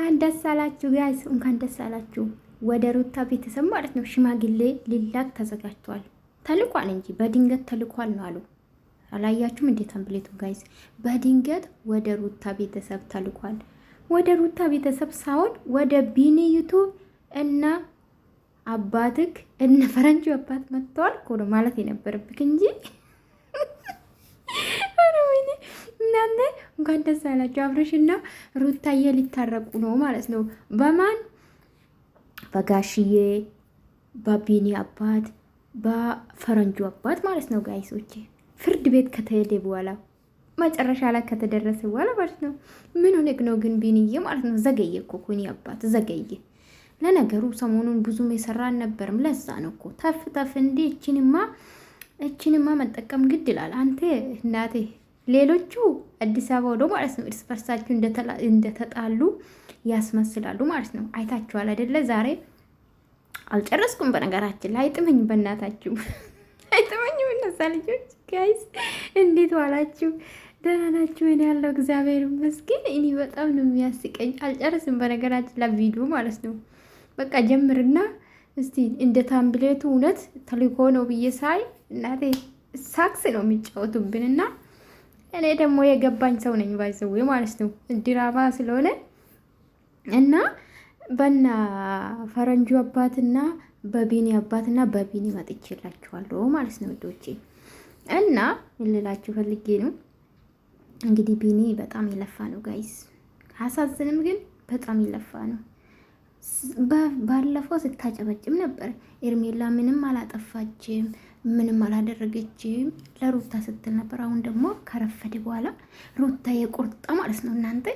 እንኳን ደስ አላችሁ ጋይስ፣ እንኳን ደስ አላችሁ። ወደ ሩታ ቤተሰብ ማለት ነው ሽማግሌ ሊላክ ተዘጋጅቷል። ተልኳል እንጂ በድንገት ተልኳል ነው አሉ። አላያችሁም እንዴት ተምፕሌቱ ጋይስ? በድንገት ወደ ሩታ ቤተሰብ ተልኳል። ወደ ሩታ ቤተሰብ ሳይሆን ወደ ቢኒ ዩቱብ እና አባትክ እነ ፈረንጅ አባት መጥተዋል ኮሎ ማለት የነበረብክ እንጂ እናንተ እንኳን ደስ አላችሁ። አብረሽና ሩታዬ ሊታረቁ ነው ማለት ነው። በማን በጋሽዬ በቢኒ አባት በፈረንጁ አባት ማለት ነው። ጋይሶቼ ፍርድ ቤት ከተሄደ በኋላ መጨረሻ ላይ ከተደረሰ በኋላ ማለት ነው። ምን ሆነክ ነው ግን ቢንዬ ማለት ነው። ዘገየ እኮ ኩኒ አባት ዘገየ። ለነገሩ ሰሞኑን ብዙም የሰራ አልነበርም። ለዛ ነው እኮ ተፍ ተፍ እንዲ እችንማ እችንማ መጠቀም ግድ ይላል። አንተ እናቴ ሌሎቹ አዲስ አበባ ወደ ማለት ነው እርስ በርሳችሁ እንደተጣሉ ያስመስላሉ ማለት ነው። አይታችኋል አይደለ? ዛሬ አልጨረስኩም። በነገራችን ላይ አይጥመኝ፣ በእናታችሁ አይጥመኝ። እነዛ ልጆች ጋይስ እንዴት ዋላችሁ? ደህና ናችሁ? እኔ ያለው እግዚአብሔር ይመስገን። እኔ በጣም ነው የሚያስቀኝ። አልጨረስም በነገራችን ላይ ቪዲዮ ማለት ነው። በቃ ጀምርና እስቲ እንደ ታምብሌቱ እውነት ተልኮ ነው ብዬ ሳይ እናቴ ሳክስ ነው የሚጫወቱብንና እኔ ደግሞ የገባኝ ሰው ነኝ ባይዘዌ ማለት ነው ድራማ ስለሆነ እና በና ፈረንጁ አባትና በቢኒ አባትና በቢኒ መጥቼላችኋለሁ ማለት ነው ውዶቼ። እና ልላችሁ ፈልጌ ነው እንግዲህ ቢኒ በጣም የለፋ ነው ጋይስ፣ አሳዝንም ግን በጣም የለፋ ነው። ባለፈው ስታጨበጭም ነበር ኤርሜላ ምንም አላጠፋችም። ምንም አላደረገችም ለሩታ ስትል ነበር። አሁን ደግሞ ከረፈደ በኋላ ሩታ የቆርጣ ማለት ነው እናንተ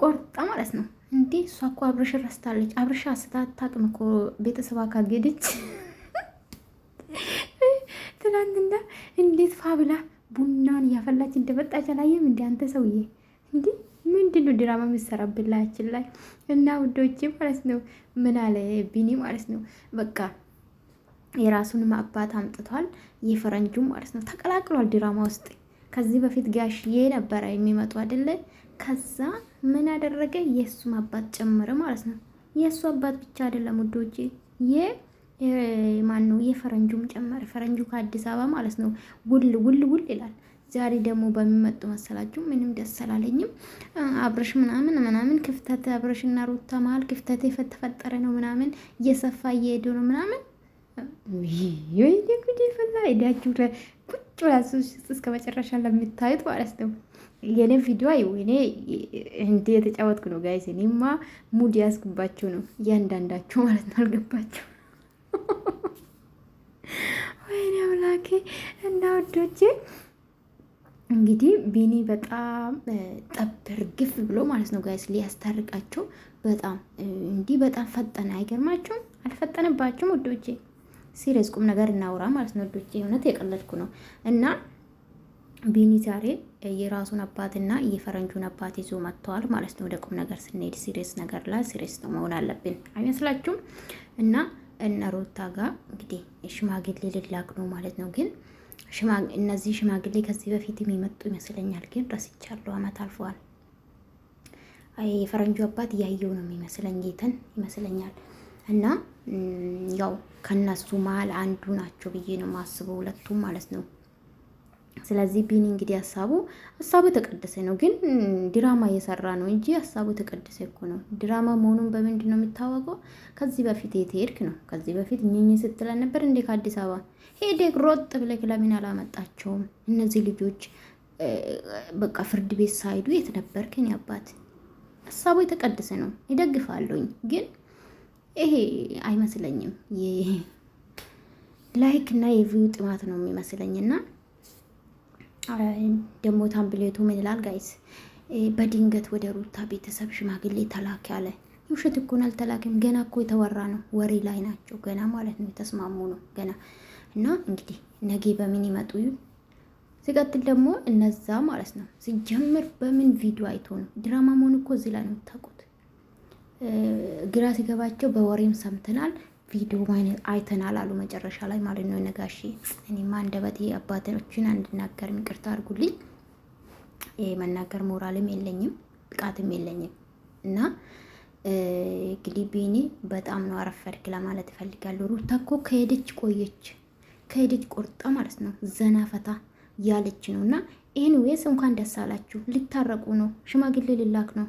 ቆርጣ ማለት ነው እንዴ! እሷ እኮ አብርሽ ረስታለች። አብርሽ አስታ ስታታቅም እኮ ቤተሰብ አካገደች። ትናንትና እንዴት ፋብላ ቡናን እያፈላች እንደመጣች አላየም? እንደ አንተ ሰውዬ እንዲ ምንድነው ድራማ የሚሰራብላችን ላይ እና ውዶቼ ማለት ነው ምን አለ ቢኒ ማለት ነው በቃ የራሱን አባት አምጥቷል። የፈረንጁ ማለት ነው ተቀላቅሏል ድራማ ውስጥ። ከዚህ በፊት ጋሽዬ ነበረ የሚመጡ አይደለ? ከዛ ምን አደረገ? የእሱም አባት ጨመረ ማለት ነው። የእሱ አባት ብቻ አይደለም ውዶቼ ማን ነው የፈረንጁም ጨመረ። ፈረንጁ ከአዲስ አበባ ማለት ነው ውል ውል ውል ይላል። ዛሬ ደግሞ በሚመጡ መሰላችሁ ምንም ደስ አላለኝም። አብረሽ ምናምን ምናምን ክፍተት አብረሽና ሩታ መሀል ክፍተት የተፈጠረ ነው ምናምን እየሰፋ እየሄደ ነው ምናምን ወይኔ ጉዴ ፈላ ሄዳችሁ ቁጭ ብላችሁ እስከ መጨረሻ ለምታዩት ማለት ነው። የኔ ቪዲዮ አይ ወይኔ እንዴ የተጫወትኩ ነው ጋይስ። እኔማ ሙድ ያስኩባችሁ ነው እያንዳንዳችሁ ማለት ነው። አልገባችሁ ወይኔ አምላኬ እና ወዶቼ እንግዲህ ቢኒ በጣም ጠብር ግፍ ብሎ ማለት ነው ጋይስ ሊያስታርቃቸው በጣም እንዲህ በጣም ፈጠነ። አይገርማችሁም? አልፈጠነባችሁም ውዶቼ? ሲሪየስ ቁም ነገር እናውራ ማለት ነው ዶቼ። እውነት የቀለድኩ ነው እና ቢኒ ዛሬ የራሱን አባትና የፈረንጁን አባት ይዞ መጥተዋል ማለት ነው። ወደ ቁም ነገር ስንሄድ ሲሪየስ ነገር ላይ ሲሪየስ ነው መሆን አለብን አይመስላችሁም? እና እነ ጋ ጋር እንግዲህ ሽማግሌ ልላክ ነው ማለት ነው ግን እነዚህ ሽማግሌ ከዚህ በፊት የሚመጡ ይመስለኛል፣ ግን ረስቻለሁ። አመት አልፈዋል። የፈረንጁ አባት እያየው ነው የሚመስለኝ ጌተን ይመስለኛል እና ያው ከነሱ መሀል አንዱ ናቸው ብዬ ነው የማስበው፣ ሁለቱም ማለት ነው። ስለዚህ ቢኒ እንግዲህ ሀሳቡ ሀሳቡ የተቀደሰ ነው፣ ግን ድራማ እየሰራ ነው እንጂ ሀሳቡ የተቀደሰ እኮ ነው። ድራማ መሆኑን በምንድን ነው የሚታወቀው? ከዚህ በፊት የትሄድክ ነው? ከዚህ በፊት ኝኝ ስትለን ነበር እንዴ? ከአዲስ አበባ ሄደክ ሮጥ ብለክ ለምን አላመጣቸውም? እነዚህ ልጆች በቃ ፍርድ ቤት ሳይዱ የት ነበርክን? ያባት ሀሳቡ የተቀደሰ ነው፣ ይደግፋለኝ ግን ይሄ አይመስለኝም። ላይክ እና የቪው ጥማት ነው የሚመስለኝ እና ደግሞ ታምብሌቱ ምን ይላል ጋይስ? በድንገት ወደ ሩታ ቤተሰብ ሽማግሌ ተላክ ያለ ውሸት እኮን አልተላክም። ገና እኮ የተወራ ነው፣ ወሬ ላይ ናቸው ገና ማለት ነው። የተስማሙ ነው ገና እና እንግዲህ ነገ በምን ይመጡ ሲቀጥል ደግሞ እነዛ ማለት ነው ሲጀምር በምን ቪዲዮ አይቶ ነው ድራማ መሆን እኮ እዚህ ላይ ነው የምታውቁት። ግራ ሲገባቸው በወሬም ሰምተናል ቪዲዮ አይተናል አሉ መጨረሻ ላይ ማለት ነው። ነጋሽ እኔማ አንደበቴ አባቶችን አንድናገርም ይቅርታ አድርጉልኝ። መናገር ሞራልም የለኝም ብቃትም የለኝም እና እንግዲህ ቢኒ በጣም ነው አረፈድክ ለማለት ይፈልጋሉ። ሩታ እኮ ከሄደች ቆየች ከሄደች ቆርጣ ማለት ነው ዘና ፈታ ያለች ነው እና ይህን እንኳን ደስ አላችሁ። ልታረቁ ነው፣ ሽማግሌ ልላክ ነው